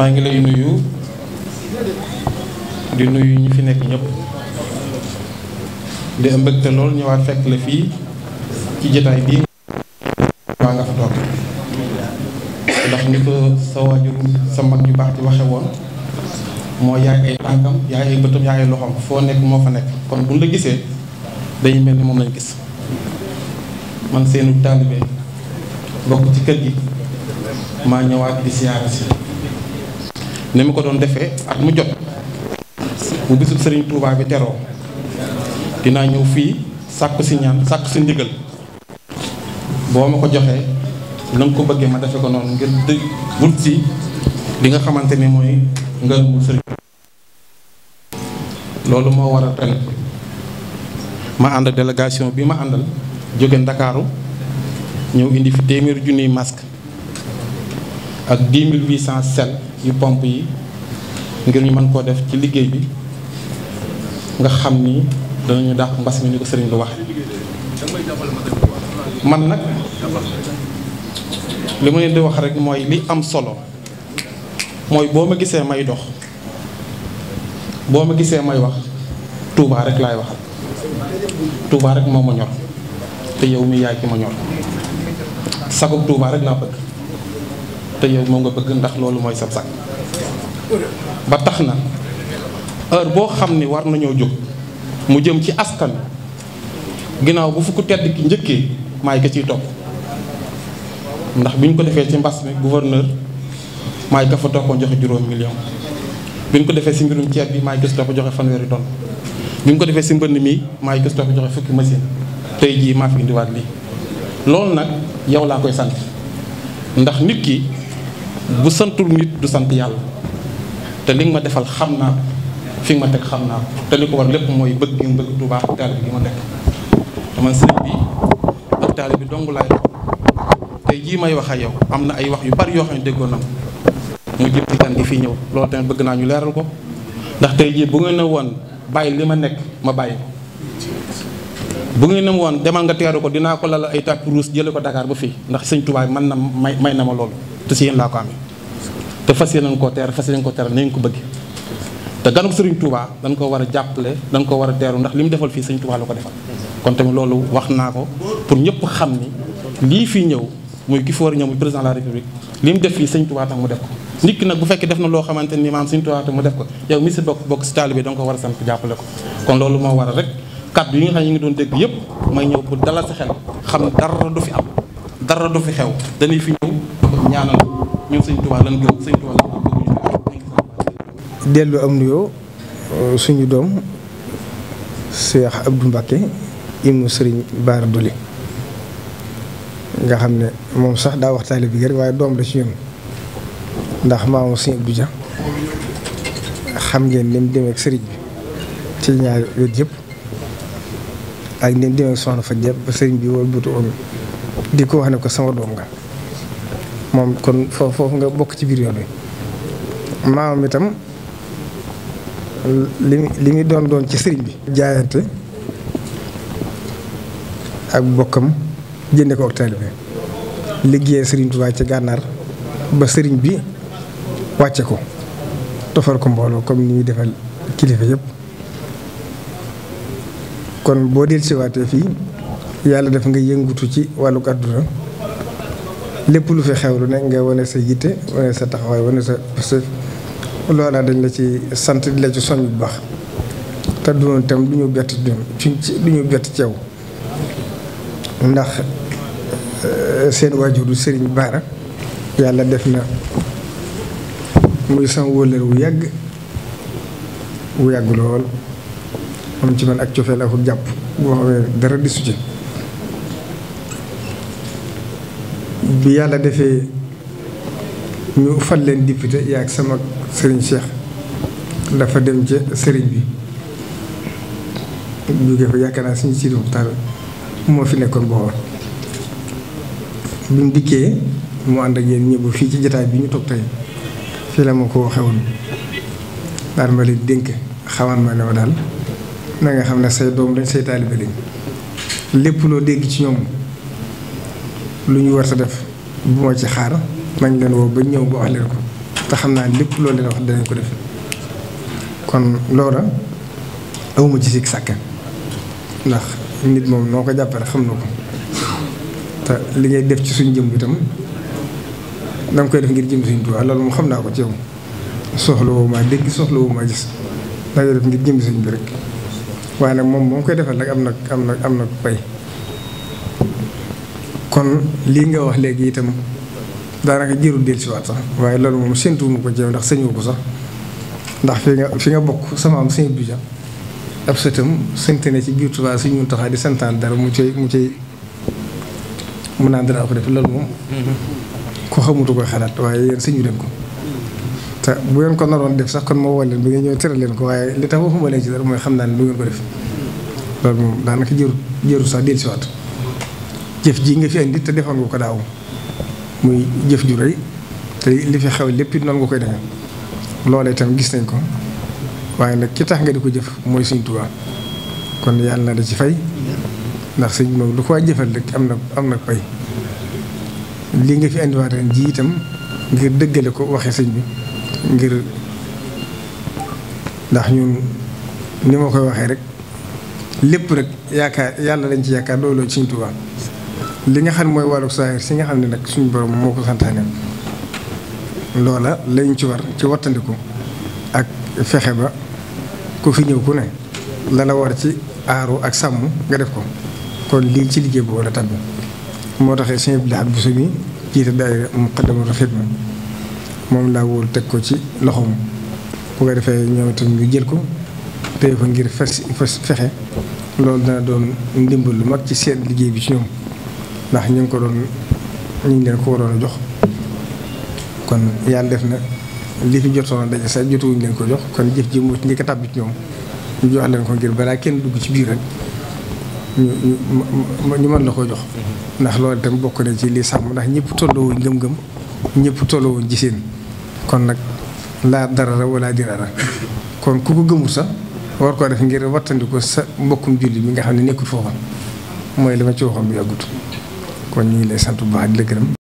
maa ngi lay nuyu di nuyu ñi fi nekk ñépp di am lool ñëwaat fekk la fii ci jotaay bii waa nga fa toog ndax ni ko sa waajur sa mag yu baax di waxe woon moo yaay ay tànkam yaay ay bëtam yaay ay loxoom foo nekk moo fa nekk kon buñ la gisee dañu mel ni moom lay gis man seenu taalibe bokk ci kër gi maa ñëwaat di siyaare si ni mu ko doon defee at mu jot mu bisul sëriñ Touba bi teroo dinaa ñëw fii sàkku si ñaan sàkku si ndigal boo ma ko joxee nag ko bëggee ma defe ko noonu ngir dë- wut si li nga xamante ne mooy ngërëmul sëriñ loolu moo waral ren ma ànd délégation bi ma àndal jóge ndakaaru ñëw indi fi téeméeri junniy masque ak mille 10 cent sel yu pompe yi ngir ñu mën koo def ci liggéey bi nga xam ni danañu dàq mbas mi ni ko sëriñ lu wax man nag li ma leen di wax rek mooy li am solo mooy boo ma gisee may dox boo ma gisee may wax tuubaa rek laay waxal Touba rek moo ma ñor te yow mi yaay ki ma ñor sagub Touba rek laa bëgg te yow moom nga bëgg ndax loolu mooy sab sag ba tax na heure boo xam ne war nañoo jóg mu jëm ci askan ginnaaw bu fukk tedd ki njëkkee maay ko ciy topp ndax bi ñu ko defee ci mbas mi gouverneur maay ka fa toppoon joxe juróom million ko defee si mbirum ceeb bi maay gis topp joxe fanweeri ton bi ñu ko defee si mbënd mi maay gis topp joxe fukki machine tey jii maa fi indiwaat lii loolu nag yow laa koy sant ndax nit ki bu santul nit du sant yàlla te li nga ma defal xam naa fi nga ma teg xam naa te li ko war lépp mooy bëgg gi mu bëgg Tuuba ak taali bi gi ma nekk dama sëñ bi ak taali bi may wax yow am na ay wax yu bari yoo xam ne déggoon na mu jëm ci gan fii ñëw loolu tamit bëgg naa ñu leeral ko ndax tey jii bu ngeen woon bàyyi li ma nekk ma bàyyi bu ngeen ne woon demal nga teeru ko dinaa ko lal ay tapis rouge jële ko Dakar ba fii ndax sëñ Tuubaa man na may may na ma loolu te si yéen laa ko amee te fas yéene nañ koo teer fas yéene ko teer na ngeen ko bëgg te ganuk sëriñ Tuubaa dañ ko war a jàppale dañ ko war a teeru ndax li mu defal fii sëñ Tuubaa la ko defal kon tamit loolu wax naa ko pour ñëpp xam ni lii fii ñëw muy ki fi war ñëw muy président la république li mu def fii sëñ Tuubaa tax mu def ko nit nag bu fekkee def na loo xamante ni maam sëñ Tuubaa tax mu def ko yow mi si bokk bokk si war a sant jàppale ko kon loolu moo war a rek kàddu yi nga xam ne ñu ngi doon dégg yëpp may ñëw pour dalal sa xel xam dara du fi am dara du fi xew dañuy fi ñëw ñaanal ñun sëñ Tuubaa lan am nuyoo euh, suñu doom Cheikh Abdou Mbacké ibnu Sëriñ nga xam ne moom sax daa wax taalibe bi rek waaye doom la ci ñun ndax maamu sëñ Abdou Dia xam ngeen ni mu demee sëriñ bi ci ñaar wet yëpp ak ni mu fa jëpp ba sëriñ bi wëlbatu woon di ko wax ne ko sama doom nga moom kon foofu nga bokk ci biir yoon bi maamam itam li li muy doon doon ci sëriñ bi jaayante ak bokkam jënde ko ak taalibe liggéeyee sëriñ Tuubaa ci gànnaar ba sëriñ bi wàcce ko tofal ko mbooloo comme ni muy defal kilifa yëpp kon boo dellusiwaatee fii yàlla def nga yëngutu ci wàllug àdduna lépp lu fi xew lu nekk nga wane sa yitte wane sa taxawaay wane sa parce que loolaa dañ la ci sant di la ci soñ bu baax te du noonu tam du ñu bett ci du ñu bett ceew ndax euh, seen waajuru Serigne Baara yàlla def na muy sama wóllër wu yàgg wu yàgg lool am ci man ak la ak jàpp boo xamee dara disu ci bi yàlla defee ñu fal leen député yaa ak sama sëriñ Cheikh dafa dem ca sëriñ bi jóge fa yaakaar naa suñu siidi muxtaar moo fi nekkoon booba bi mu dikkee mu ànd ak yéen ñëw fii ci jataay bi ñu toog tey fii la ma ko waxee daal ma leen dénk xamal ma ne ma daal na nga xam ne say doom dañ say taalibe lañ lépp loo dégg ci ñoom lu ñu war sa def bu ma ci xaar nañ leen woo ba ñëw boo wax ko te xam naa lépp loo leen wax danañ ko def kon loola awuma ci sikk sàkk ndax nit moom noo ko jàppale xam na ko te li ngay def ci suñ jëm itam da nga koy def ngir jëm suñu Tuubaa loolu moom xam naa ko ci yow soxla woo maa dégg soxla woo maa gis da def ngir jëm suñ bi rek waaye nag moom moom koy defal nag am na am na am na pay kon lii nga wax léegi itam daanaka jërul dellusiwaat sax waaye loolu moom séntuwuma ko jëm ndax sëñu ko sax ndax fi nga fi nga bokk sama am sëñ Abdou Dia ab sëtam sant ne ci biir Tuubaa si ñun taxaa di santaan dara mu cay mu cay mu naan dara ko def loolu moom. Mm-hmm. ko xamutu ko xalaat waaye yéen sëñu leen ko. te bu ngeen ko naroon def sax kon moo woo leen bi nga ñëw tëral leen ko waaye li tax waxuma leen ci dara mooy xam naa ne du ngeen ko def loolu moom daanaka jëru jëru sax dellusiwaat jëf ji nga fi indi te defoon nga ko daaw jëf ju rëy te li fi xew lépp it noonu nga koy defee loolee itam gis nañ ko waaye nag ki tax nga di ko jëf mooy Sëñ Tuubaa kon yàlla naa da ci fay ndax sëñ moom lu ko waa jëfal rek am na am na pay li nga fi indiwaat ren itam ngir dëggale ko waxee sëñ bi. ngir ndax ñun ni ma koy waxee rek lépp rek yaakaar yàlla lañ ci yaakaar looloo ci Sëñ Tuubaa li nga xam mooy wàllu saahir si xam ne nag suñu borom moo ko santaane loola lañ ci war ci wattandiku ak fexe ba ku fi ñëw ku ne lala la war ci aaru ak sàmm nga def ko kon lii ci liggéey boobu la tàbbi moo taxee sëñ bu Lahad Bousso mi jiite daayira rafet Xidma moom laa wóolu teg ko ci loxoom ku ko defee ñoom itam ñu jël ko téye ko ngir fes fexe loolu dana doon ndimbal lu mag ci seen liggéey bi ci ñoom ndax ñu ngi ko doon ñu ngi leen ko waroon a jox kon yàlla def na li fi jotoon daje sax leen ko jox kon jëf ji moo ci njëkk a tàbbi ci ñoom ñu jox leen ko ngir balaa kenn dugg ci biir rek ñu ñu mën la ko jox mm-hmm. ndax loolu itam bokk ne ci li sàmm ndax ñëpp tolloo ngëm-ngëm ñëpp tolloo woon giseen kon nag laa darara wala dirara kon ku ko gëmul sax war koo def ngir wattandiku sa mbokkum julli bi nga xam ne nekkul foofa mooy la ma ci waxoon bi yàggut kon ñu ngi lay sant bu baax di la gërëm